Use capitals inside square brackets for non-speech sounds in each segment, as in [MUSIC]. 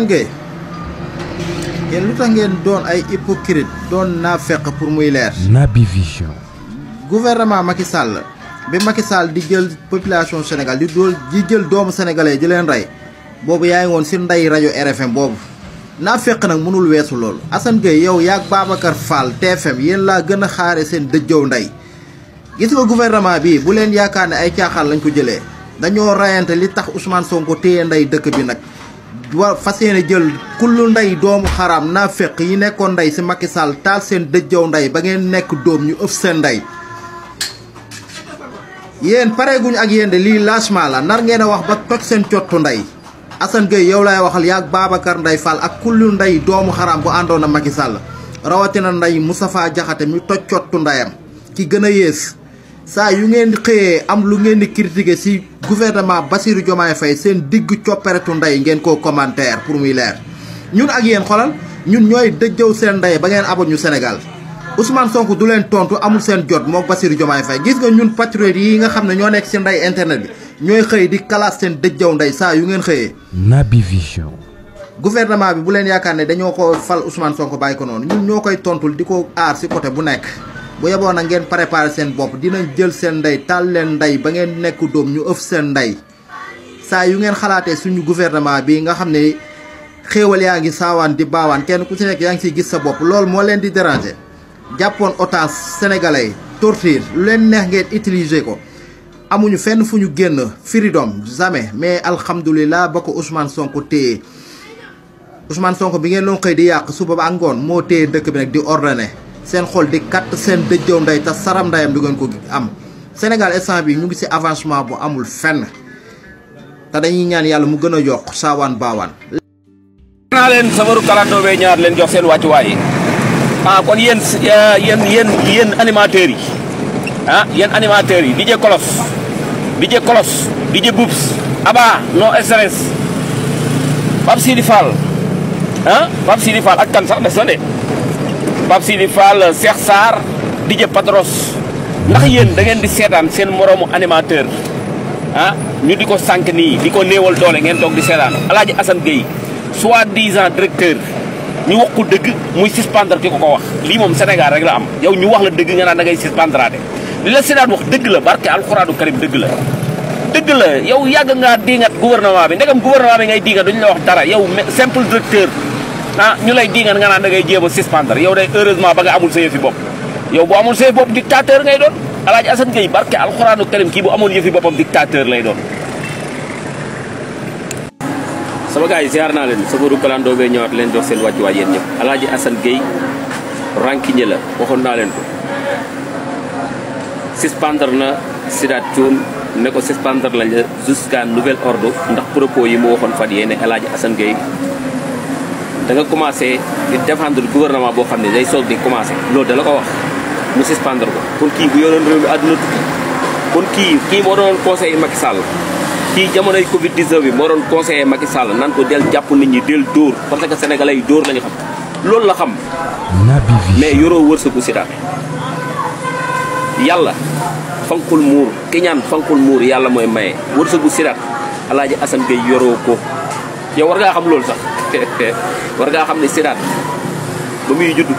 tangé yeen lu tangé ngeen doon ay hypocrite doon nafaq pour muy lèr nabi vision gouvernement Macky Sall bi Macky Sall di jël population Sénégal di dool di jël doomu sénégalais di len ray bobu yaay ngi ci nday radio RFM bobu nafaq nak mënul wessu lool Assane Gueye yow yaag babakar Fall TFM yeen la gëna xaaré sen seen nday gis nga gouvernement bi bu len yaakaar ay tiaxal lañ ko jëlé dañoo rayante li tax Ousmane Sonko téye nday dëkk bi nak wa fas yéene jël kullu ndey doomu xaraam naa féq yi nekkoon ndey si Macky taal seen dëjjëw ndey ba ngeen nekk doom ñu ëf seen ndey yéen pareeguñu ak yéen de lii lâchement la nar ngeen a wax ba toj seen cottu ndey Assane Gueye yow lay waxal yaag Babacar Ndeye fal ak kullu ndey doomu xaraam bu àndoon na Macky Sall rawatina ndey Moustapha Diakhaté mi toj cottu ndeyam ki gën a yées saa yu ngeen xëyee am lu ngeen di critiquer ci gouvernement Bassirou Diomaye fay seen digg copperetu ndey ngeen ko commentaire pour muy leer ñun ak yéen xolal ñun ñooy dëjjëw seen ndey ba ngeen ñu Sénégal Ousmane Sonko du leen tontu amul seen jot moo Bassirou Diomaye fay gis nga ñun patriotes yi nga xam ne ñoo nekk ci ndey internet bi ñooy xëy di kalaas seen dëjjëw ndey saa yu ngeen xëyee. Naby Vision. gouvernement bi bu leen yaakaar ne dañoo ko fal Ousmane Sonko bàyyi ko noonu ñun ñoo koy tontul di ko aar ci côté bu nekk. bu yeboon na ngeen préparé seen bopp dinañ jël seen ndey taal leen ndey ba ngeen nekk doom ñu ëf seen ndey saa yu ngeen xalaatee suñu gouvernement bi nga xam ne xéewal yaa ngi saawaan di baawaan kenn ku ci nekk ngi ciy gis sa bopp loolu moo leen di déranger jàppoon otage sénégalais torture lu leen neex ngeen utiliser ko amuñu fenn fu ñu génn freedom jamais mais alhamdulilah ba ko usmaan Sonko téye Ousmane sonk bi ngeen doon xëy di yàq suba ba ngoon moo téye dëkk bi nag di ordonné seen xol di kat seen dejjow nday ta saram ndayam du ko am senegal instant bi ñu ngi ci avancement bu amul fenn ta dañuy ñaan yalla mu gëna a sawan bawan na len sawaru safaru Kalando bee ñaar len jox seen waccu way ah kon yeen yeen yeen yeen animateur yi ah yeen animateur yi DJ Kolos DJ Kolos DJ boops Aba No Stress bab sidifal ah bab sidifal ak kan sax na de. Pape Sidi Fall Cheikh sar DJ Patros ndax yeen da ngeen di sétan seen animateur ah ñu di sank ni diko di doole ngeen tok di seetaan alaaji Assane Gueye soi ans directeur ñu wax ko deug muy suspendre kiko ko wax li mom Sénégal rek la am yow ñu wax la deug nga na da ngay suspendraate li la sétan wax deug la barke alcorane karim deug la deug la yow gouvernement bi ndegam gouvernement bi ngay duñ la wax dara yow simple directeur ah ñu lay dingan nga naan da ngay jéem a suspendre yow day heureusement ba nga amul sa yëfi bopp yow bu amul sa yëfi bopp dictateur ngay doon alaaji Assane Gueye barke alxuraanu karim kii bu amoon yëfi boppam dictateur lay doon sama gars yi ziar naa leen safaru kalandoo bee ñëwaat leen jox seen wàccuwaay yéen ñëpp alaaji Assane Gueye rankiñe la waxoon naa leen ko suspendre na Sidaat Thioune ne ko suspendre lañ la jusqu'à nouvel ordre ndax propos yi mu waxoon fan yee ne alaaji Assane Gueye danga nga commencé di défendre gouvernement boo xam ne day soog di commencé loolu da ko wax mu suspendre ko kon kii bu yoroon réew mi àdduna tukki kon kii kii moo doon conseiller Macky Sall kii jamonoy Covid 19 bi moo doon conseiller Macky Sall nan ko del jàpp nit ñi del dóor parce que sénégalais yi dóor lañu xam loolu la xam mais yoroo wërsëgu sida yàlla fankul muur ki ñaan fankul muur yàlla mooy maye wërsëgu siraat alaaji Assane Gueye yoroo ko ya war ngaa xam loolu sax war ngaa xam ne siraat ba muy judd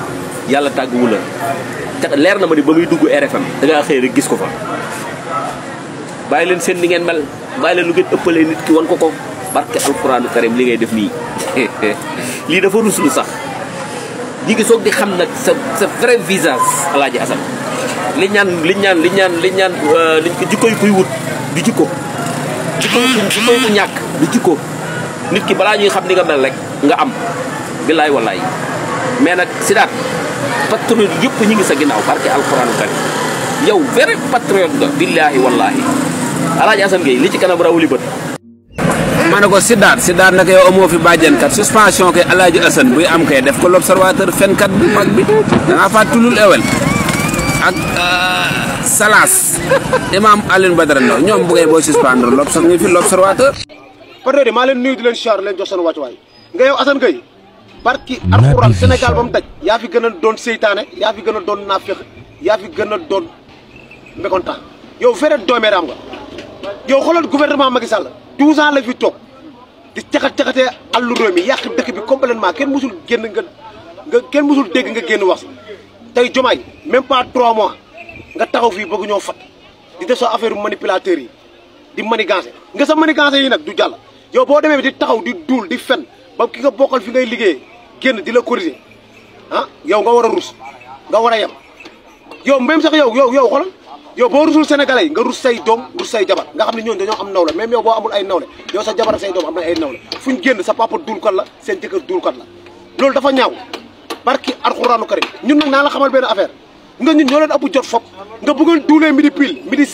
yalla tàgguwu la te leer na ma ni kan, ba muy dugg RFM da nga xey rek gis ko fa bàyyi leen seen ni ngeen mel bàyyi leen lu ngeen ëppalee nit ki won ko ko barke alquranu karim li ngay def ni li dafa rusul sax ñi ngi sok di xam nak sa sa vrai visage alaaji asan li ñaan li ñaan li ñaan li ñaan eh, liñ ko jikko yu kuy wut du jikko jikko ku ñak du jikko nit ki bala ñuy xam ni nga mel rek nga am billahi wallahi mais nak sidat patriote yëpp ñi ngi sa ginaaw barke alquran karim yow vrai patriote nga billahi wallahi alaaji asan gay li ci kanam rawuli beut mané ko sidat sidat nak yow amo fi badjen kat suspension kay alaji asan buy am kay def ko l'observateur fen kat bu mag bi da nga fatulul ewel ak euh, salas [LAUGHS] imam alin badran ñom bu ngay bo suspendre l'observateur fi l'observateur patriote maa leen nuyu di leen siyaar leen jox seen wàccuwaay nga yow Assane Gueye barki alxuraan Sénégal ba mu daj yaa fi gën a doon seytaane yaa fi gën a doon naafeq yaa fi gën a doon mécontent yow fere doomeeraam nga yow xoolal gouvernement Macky Sall 12 ans la fi toog di caxat caxatee àllu réew mi yàq dëkk bi complètement kenn musul génn nga nga kenn musul dégg nga génn wax tey jomaay même pas 3 mois nga taxaw fii bëgg ñoo fat di def sa affaire manipulateur yi di manigancé nga sa manigancé yi nag du jàll yow boo demee di taxaw di duul di fen ba ki nga bokkal fi ngay liggéey génn di la corriger ah yow nga war a rus nga war a yem yow même sax yaw yow yow xoolal yow boo rusul sénégalais yi nga rus say doom rus say jabar nga xam ne ñooñu dañoo am nawle même yow boo amul ay nawle yow sa jabar say doom am na ay nawle fu ñu génn sa papa duulkat la seen jëkkër duulkat la loolu dafa ñaaw barki alxuraanu karim ñun nag naa la xamal benn affaire nga ñun ñoo leen ëpp jot fop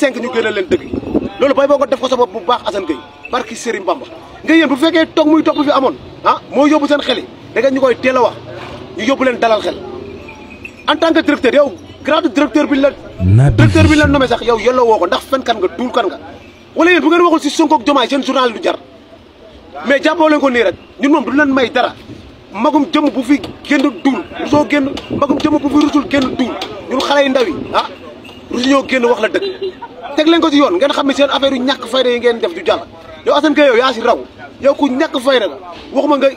cinq ñu génne leen dëgg lolu bay boko def ko sa bu baax asan Gueye barki serim Bamba ngay yeen bu fekke tok muy toog fi amone ah mo yóbbu sen xel da nga ñukoy koy wax ñu yóbbu len dalal xel en tant que directeur yow grade directeur bi la directeur bi la nomé sax yow yello woko ndax fen kan nga dul kan nga wala yeen bu ngeen waxul si Sonko ak Diomaye seen journal du jar mais jappo len ko ni rek ñun mom du len may dara magum jëm bu fi genn dul so genn magum jëm bu fi rusul genn dul ñun xalé ndaw yi ah mosu ñoo génn wax la dëgg teg leen ko ci yoon ngeen xam ne seen affaire yu ñàkk fayda yi ngeen def du jàll yow Assane Gueye yow yaa si raw yow ku ñàkk fayda nga waxuma nga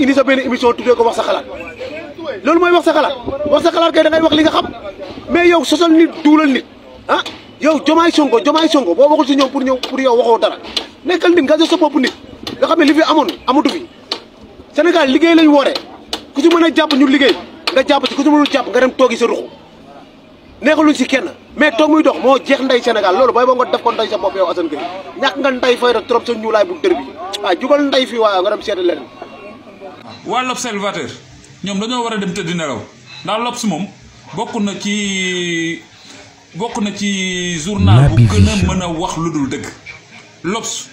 indi sa benn émission tuddee ko wax sa xalaat loolu mooy wax sa xalaat wax sa xalaat kay da ngay wax li nga xam mais yow sosal nit duulal nit ah yow jomaay sonko jomaay sonko boo waxul si ñoom pour ñëw pour yow waxoo dara nekkal nit nga jox sa bopp nit nga xam ne li fi amoon amatu fi Sénégal liggéey lañ wooree ku si mën a jàpp ñu liggéey nga jàpp si ku si mënul jàpp nga dem toogi sa ruxu neexaluñ ci kenn mais toog muy dox moo jeex nday Sénégal loolu booy boo nga def ko nday sa bopp yow Assane Gueye nga nday fay rek trop sa ñuulaay bu dër bi waaw jugal nday fii waaw nga dem seeti leneen. waa l'observateur ñoom dañoo war a dem tëdd nelaw ndax l'Obs moom bokk na ci bokk na ci journal bu gën a mën a wax lu dul dëgg l'Obs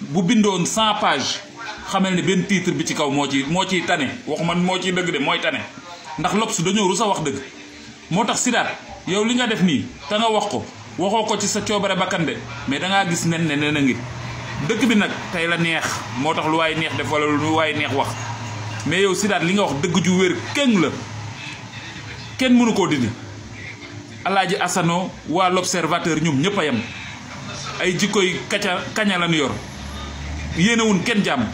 bu bindoon cent page xamal ne benn titre bi ci kaw moo ci moo ciy tane waxuma moo ciy dëgg de mooy tane ndax l'Obs dañoo rus a wax dëgg moo tax Sidaat yow li nga def nii te nga wax ko waxoo ko ci sa coobare bakkan de mais dangaa gis nen ne nen a ngi dëkk bi nag tey la neex moo tax lu waay neex def wala lu waaye neex wax mais yow Sidath li nga wax dëgg ju wér kéng la kenn mënu koo dindi alaaji asano waa l'observateur ñoom ñëpp a yem ay jikkoy kaca kaña lañu yor yéenewun kenn jàmm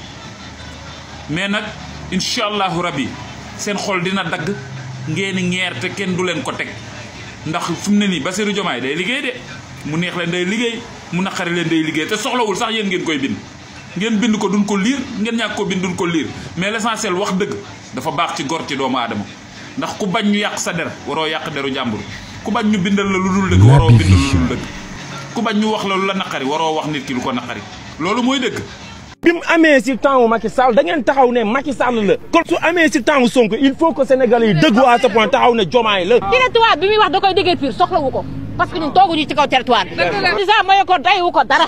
mais nag incha rab rabbi seen xol dina dagg ngeen ngeer te kenn du leen ko teg ndax fu mu ne nii Bassirou Diomaye day liggéey de mu neex leen day liggéey mu naqari leen day liggéey te soxlawul sax yéen ngeen koy bind ngeen bind ko duñ ko liir ngeen ñàkk ko bind duñ ko liir mais l'essentiel wax dëgg dafa baax ci gor ci doomu aadama ndax ku bañ ñu yàq sa der waroo yàq deru jàmbur ku bañ ñu bindal la lu dul dëgg waroo bind lu dul dëgg ku bañ ñu wax la lu la naqari waroo wax nit ki lu ko naqari loolu mooy dëgg bi mu amee si temps wu Macky Sall da taxaw ne Macky Sall la. kon su amee si temps wu Sonko il faut que Sénégalais yi dëggu à ce point taxaw ne Diomaye la. ki ne tubaab bi wax da koy déggee pire soxlawu ko. parce que ñun tooguñu ci kaw territoire bi. président maye ko day wu ko dara.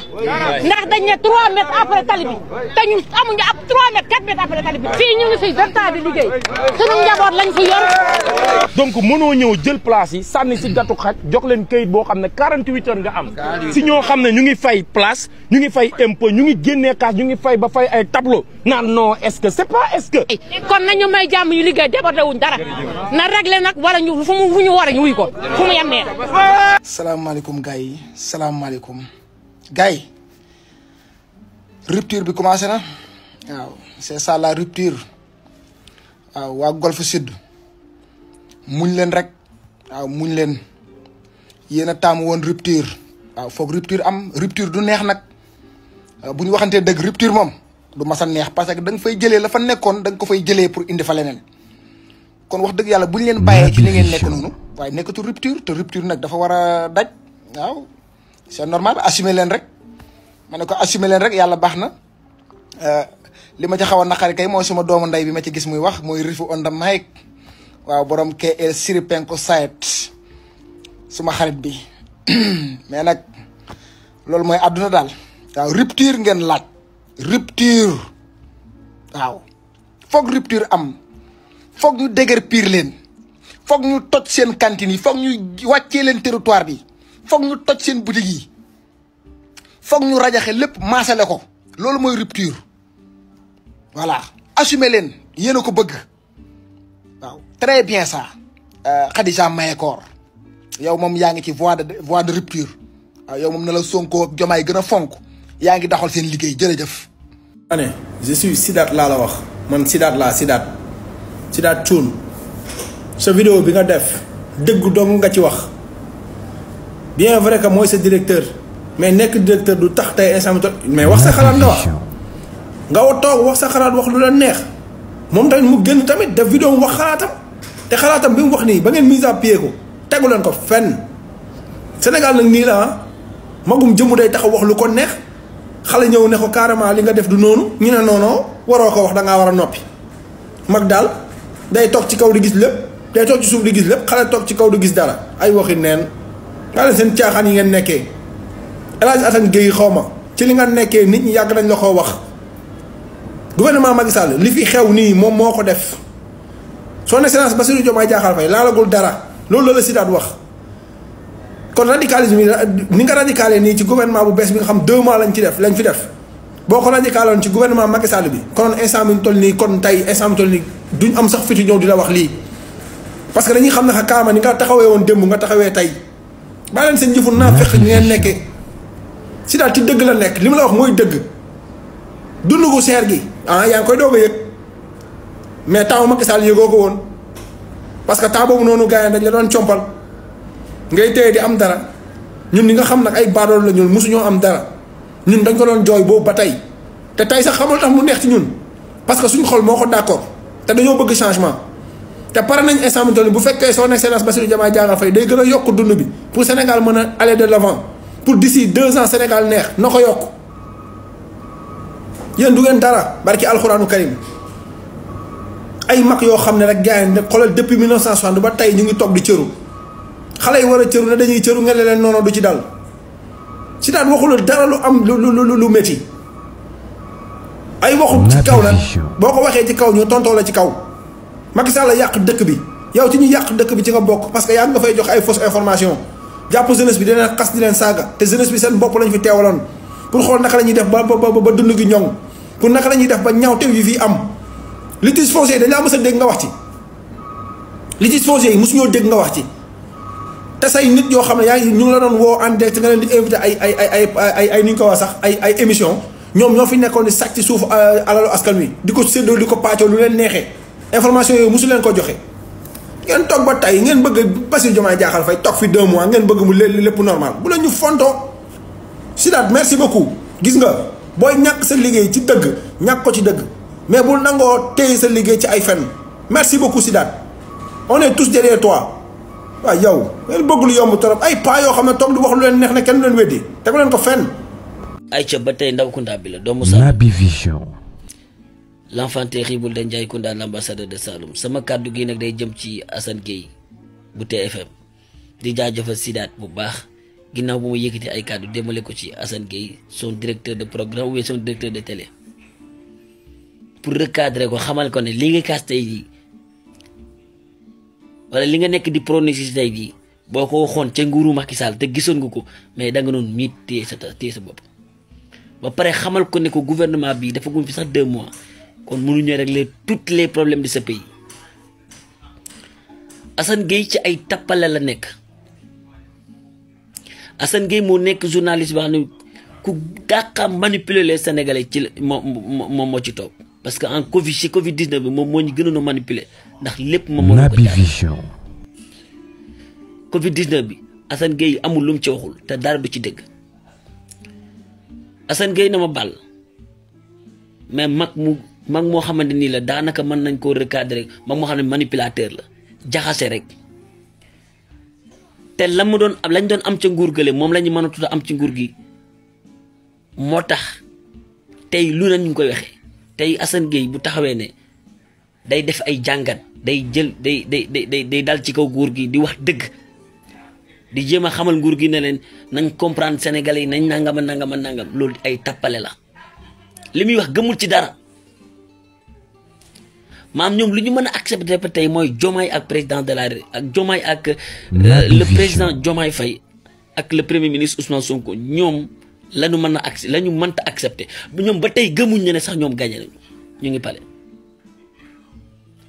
ndax dañ ne 3 mètres après tali te ñun amuñu ab 3 mètres 4 mètres après tali fii ñu ngi fi vingt di liggéey sunu njaboot lañ fi yor. donc mënoo ñëw jël place yi sànni si gatu xaj jox leen kayit boo xam ne 48 heures nga am. si ñoo xam ne ñu ngi fay place ñu ngi fay impôt ñu ngi génnee cash ñu ngi fay ba fay ay tableau naan non est-ce que c'est pas est-ce que. kon nañu may jàmm ñu liggéey débordé wuñ dara a ñu wuy ko Salam alaikum gay salam alaikum gay rupture bi commencé na waaw c'est ça la rupture waaw wa Golf Sud muñ len rek waaw muñ len yena a won rupture waaw foog rupture am rupture du neex nak buñ ñu deug rupture mom, du massa neex parce que dang fay jëlé la fa nekkoon dang ko fay jëlé pour indi fa lenen kon wax deug yalla buñ len bayé ci li ngeen nekk waaye nekkatu rupture te rupture nag dafa war a daj waaw c'est normal assumer leen rek ma ne ko assumer leen rek yàlla baax na euh, li ma ci xaw naqari kay mooy suma doomu ndey bi ma ci gis muy wax muy rifu onda maik waaw borom KL Siripenko Sayet suma xarit bi [CLEARS THROAT] mais nag loolu mooy àdduna daal waaw rupture ngeen laaj rupture waaw foog rupture am foog ñu dëgër piir leen foog ñu toj seen cantine yi foog ñu wàccee leen territoire bi foog ñu toj seen boutique yi foog ñu rajaxe lépp maasale ko loolu mooy rupture voilà assumer leen yéen a ko bëgg waaw très bien ça euh, Khadija Mahécor yow moom yaa ngi ci voie de voie de rupture waaw yow moom na la Sonko ak Jomaay gën a fonk yaa ngi daxal seen liggéey jërëjëf ane je suis sidat laa la wax man sidat laa sidat, sidat Thioune sa vidéo bi nga def dëgg dong nga ci wax bien vrai que mooy sa directeur mais nekk directeur du tax tey instant mais wax sa xalaat nga wax nga toog wax sa xalaat wax lu la neex moom tamit mu génn tamit def vidéo wax xalaatam te xalaatam bi mu wax nii ba ngeen mise à pied ko tegu leen ko fenn sénégal nag nii la ah. magum day taxaw wax lu ko neex xale ñëw ne ko carrément li nga def du noonu ñu ne noonoo waroo ko wax da ngaa war a noppi mag daal day toog ci kaw di gis lépp day toog ci suuf di gis lépp xale toog ci kaw du gis dara ay waxi neen nga ne seen caaxaan yi ngeen nekkee El Hadj Assane Gueye xaw ma ci li nga nekkee nit ñi yàgg nañ la ko wax gouvernement Macky Sall li fi xew nii moom moo ko def son excellence Bassirou Diomaye Diakhar Faye laalagul dara loolu la la Sidaat wax kon radicalisme yi ni nga radicale nii ci gouvernement bu bees bi nga xam deux mois lañ ci def lañ fi def boo ko radicaloon ci gouvernement Macky bi konoon instant bi ñu toll nii kon tey am sax fitu ñëw di la wax lii parce que dañuy xam ne xa kaama ni nga taxawee woon démb nga taxawee tey bàyyi leen seen jëfun naa fekk ngeen nekkee si daal ci dëgg la nekk li ma la wax mooy dëgg dund gu seer gi ah yaa ngi koy doog a yëg mais temps Macky Sall yëgoo ko woon parce que temps boobu noonu gars yi dañ la doon compal ngay téye di am dara ñun li nga xam nag ay baadool la ñun mosuñoo am dara ñun dañ ko doon jooy boobu ba tey te tey sax xamul tax mu neex ci ñun parce que suñ xol moo ko d'accord te dañoo bëgg changement. te pare nañ instant bu fekkee son excellence Bassirou Diomaye Diakhar Faye day gën a yokk dund bi pour Sénégal mën a aller de l'avant pour d'ici deux ans Sénégal neex noo ko yokk yéen du ngeen dara barki alxuraanu karim ay mag yoo xam ne rek gars yi xoolal depuis 1960 ba tey ñu ngi toog di cëru xale yi war a cëru ne dañuy cëru nga ne leen noonu du ci dal ci daan waxu la dara lu am lu lu lu métti ay waxu ci kaw la boo ko waxee ci kaw ñu tontoo la ci kaw. Macky Sall yàq dëkk bi yow ci ñu yàq dëkk bi ci nga bokk parce que yaa nga fay jox ay fausse information jàpp jeunesse bi dina xas di leen saaga te jeunesse bi seen bopp lañ fi teewaloon pour xool naka la ñuy def ba ba ba dund gi ñoŋ pour naka la ñuy def ba ñaaw teew yi fii am li foncier dañ laa mës dégg nga wax ci li foncier yi mosu ñoo dégg nga wax ci te say nit yoo xam ne yaa ñu ngi la doon woo en direct nga leen di invité ay ay ay ay sax ay ay émission ñoom ñoo fi nekkoon di sàcc ci suuf euh, alalu askan wi di ko séddoo di ko pàccoo leen neexee information yooyu mosu leen ko joxee ngeen toog ba tey ngeen bëgg Bassirou Diomaye Diakhar Faye toog fi deux mois ngeen bëgg mu lépp normal bu la ñu fontoo Sidaat merci beaucoup gis nga booy ñàkk sa liggéey ci dëgg ñàkk ko ci dëgg mais bu nangoo téye sa liggéey ci ay fenn merci beaucoup Sidaat on est tous derrière toi waaw yow ngeen bëgg lu yomb torop ay pas yoo xam ne toog di wax lu leen neex ne kenn du leen weddi tegu leen ko fenn. ayca ba tey ndaw kunda bi la doomu Naby Vision. l'enfant terrible de Ndiaye Kounda l'ambassadeur de Saloum sama kàddu gi nag day jëm ci Assane Gueye bu TFM di jaajëfal Sidaat bu baax ginnaaw bu ma yëkkati ay kàddu demale ko ci Assane Gueye son directeur de programme ou son directeur de télé pour recadrer ko xamal ko ne li nga kaas tey jii wala li nga nekk di pronostic tey jii boo ko waxoon ci nguuru Macky Sall te gisoon nga ko mais danga noonu miit téye sa téye sa bopp ba pare xamal ko ne ko gouvernement mois. kon mënuñu régler toutes les problèmes de ce pays Assane Gueye ci ay tappale la nekk Assane Gueye moo nekk journaliste boo xam ku dàqa manipuler les sénégalais ci moom moo ci toog parce que en Covid ci Covid 19 bi moom moo ñu gënoon a manipuler ndax lépp moom moo ko vision Covid 19 bi Assane Gueye amul lu mu ci waxul te dara du ci dëgg Assane Gueye na ma bàll mais mag mu. mag moo xamante nii la daanaka mën nañ koo recadrer mag moo xam ne manipulateur la jaxase rek te la mu doon lañ doon am ca nguur moom la ñu mën am ci nguur gi moo tax tey lu na ñu koy waxee tey Assane Gueye bu taxawee ne day def ay jàngat day jël day day day day dal ci kaw nguur gi di wax dëgg di jéem a xamal nguur gi ne leen nañ comprendre sénégalais yi nañ nangama nangama nangam loolu ay tappale la li muy wax gëmul ci dara maam ñoom lu ñu mën a accepté ba tey mooy Diomaye ak président de la ak Diomaye ak euh, le président Diomaye fay ak le premier ministre Ousmane Sonko ñoom la ñu mën a ac la ñu mënta accepté ñoom ba tey gëmuñ ne ne sax ñoom gagné nañu ñu ngi pale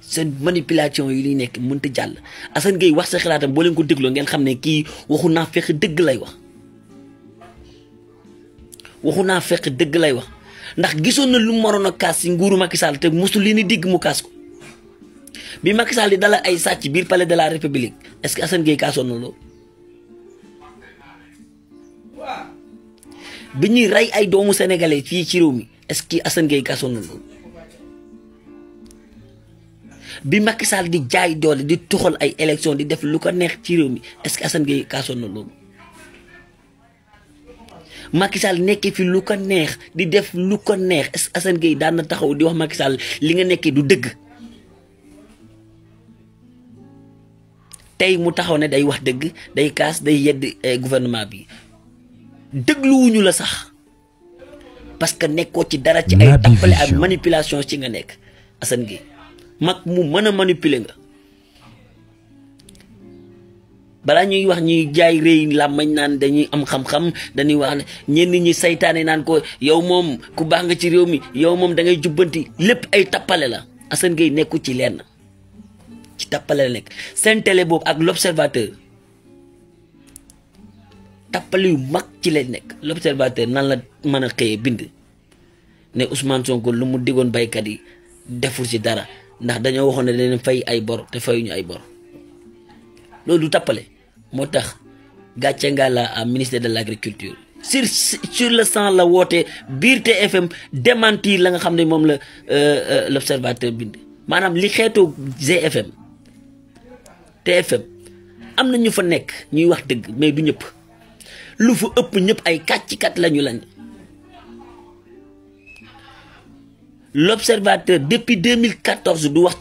seen manipulation yi liy nekk mënta jàll Assane Gueye wax sa xalaatam boo leen ko dégloo ngeen xam ne kii waxu naa fekk dëgg lay wax waxu naa fekk dëgg lay wax ndax gisoon na lu mu waroon a kaas si nguuru Macky Sall te mosul li ni digg mu kaas bi Macky Sall di dalal ay sàcc biir palais de la république est-ce que Assane Gueye kaasoon na loolu bi ñuy rey ay doomu sénégalais fii ci réew mi est-ce que Assane Gueye kaasoon di jaay doole di toxal ay élection di def lu ko neex ci réew mi est-ce que Assane Gueye kaasoon na loolu Macky nekkee fi lu ko neex di def lu ko neex est-ce que Assane taxaw di wax Macky Sall li nga nekkee du dëgg. tey mu taxaw ne day wax dëgg day kaas day yedd eh, gouvernement bi dégluwuñu la sax parce que nekkoo ci dara ci ay tappale ak manipulation ci nga nekk Assane Gueye mag mu mën a manipuler nga balaa ñuy wax ñuy jaay rëy làmmañ naan dañuy am xam-xam dañuy wax ne ñi seytaane naan ko yow moom ku baax nga ci réew mi yow moom da ngay jubbanti lépp ay tappale la Assane Gueye nekku ci lenn ci tappale la nekk seen télé boobu ak l'observateur tàppale yu mag ci lay nekk l'observateur nan la mën a xëyee bind ne Ousmane Sonko lu mu digoon baykat yi deful si dara ndax dañoo waxoon na dañu fay ay bor te fayuñu ay bor loolu du tappale moo tax gàcce nga la à ministère de l'agriculture sur sur le sang la woote biir TFM démentir la nga xam ne moom la euh, euh, l'observateur bind maanaam li xeetu GFM TFM am fa nekk ñuy wax dëgg mais du ñëpp lu ay lañu lañ l'observateur depuis 2014 du wax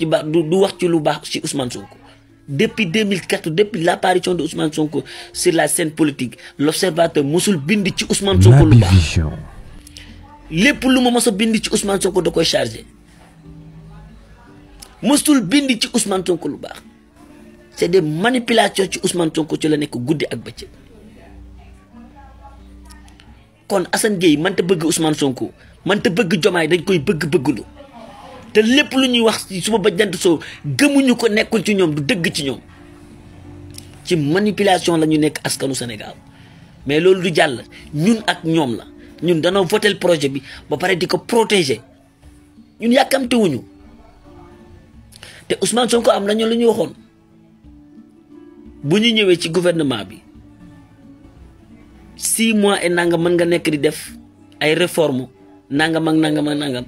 ci du wax Ousmane Sonko depuis 2004 depuis l'apparition de Ousmane Sonko sur la scène politique l'observateur mosul bind ci Ousmane Sonko lu Ousmane Sonko da koy chargé Ousmane Sonko c'est des manipulations ci Ousmane Sonko ci la nekk guddi ak bëccëg kon Assane Gueye man ta bëgg Ousmane Sonko man ta bëgg Jomaay dañ koy bëgg bëgglu te lépp lu ñuy wax suba ba jant soo gëmuñu ko nekkul ci ñoom du dëgg ci ñoom ci manipulation la nekk askanu Sénégal mais loolu du jàll ñun ak ñoom la ñun danoo votel projet bi ba pare di ko protéger ñun yàkkamtewuñu te Ousmane Sonko am nañu lu ñu waxoon. bu ñu ñëwee ci gouvernement bi six mois et nangam mën nga nekk di def ay réformes nangam ak nangam ak nangam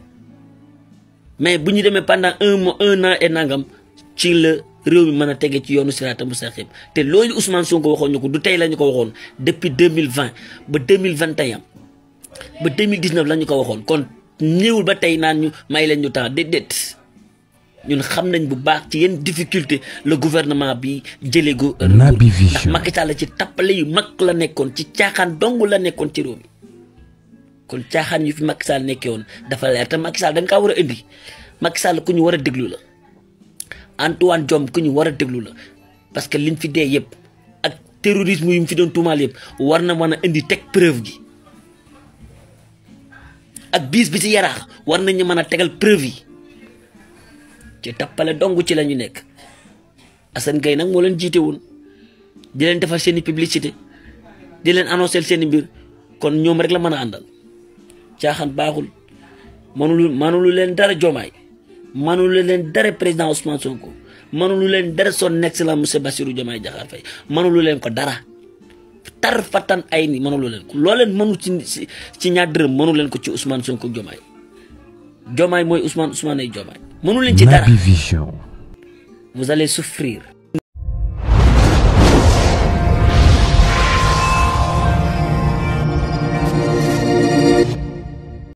mais bu ñu demee pendant un mois un an et nangam ci la réew mi mën a tege ci yoonu siraatal mustaqiim te loolu Ousmane Sonko waxoon ñu ko du tey la ñu ko waxoon depuis deux mille vingt ba deux mille vingt et un ba deux mille dix neuf la ko waxoon kon ñëwul ba tey naan ñu may leen ñu temps déedéet. ñun xam nañ bu baax ci yenn difficulté la gouvernement bi jële go. Naby Vision ndax Macky Sall ci tappale yu mag la nekkoon ci caaxaan dong la nekkoon ci réew mi kon caaxaan yi fi Macky Sall nekkee dafa leer te Macky Sall kaa war a indi Macky Sall ku ñu war a déglu la Antoine Diome ku ñu war a déglu la parce que liñ fi dee yëpp ak terrorisme yu mu fi doon tuumaal yëpp war na mën a indi teg preuve gi ak bis bi ci yaraax war nañu mën a tegal preuve yi. ci tapale dong ci lañu nyunek, Assane gay nak mo leen jité woon di leen defal seeni publicité di leen annoncer bir kon ñom rek la mëna bahul, àndal baaxul manul manul leen dara jomay manul leen dara président Ousmane Sonko manul leen dara son la monsieur Bassirou jomay jaxar fay manul leen ko dara tar fatan ay ni manul leen ko loo leen mënu ci ci ñaar dërëm mënu leen ko ci Ousmane Sonko jomay jomay moy Ousmane Ousmane ay vous allez souffrir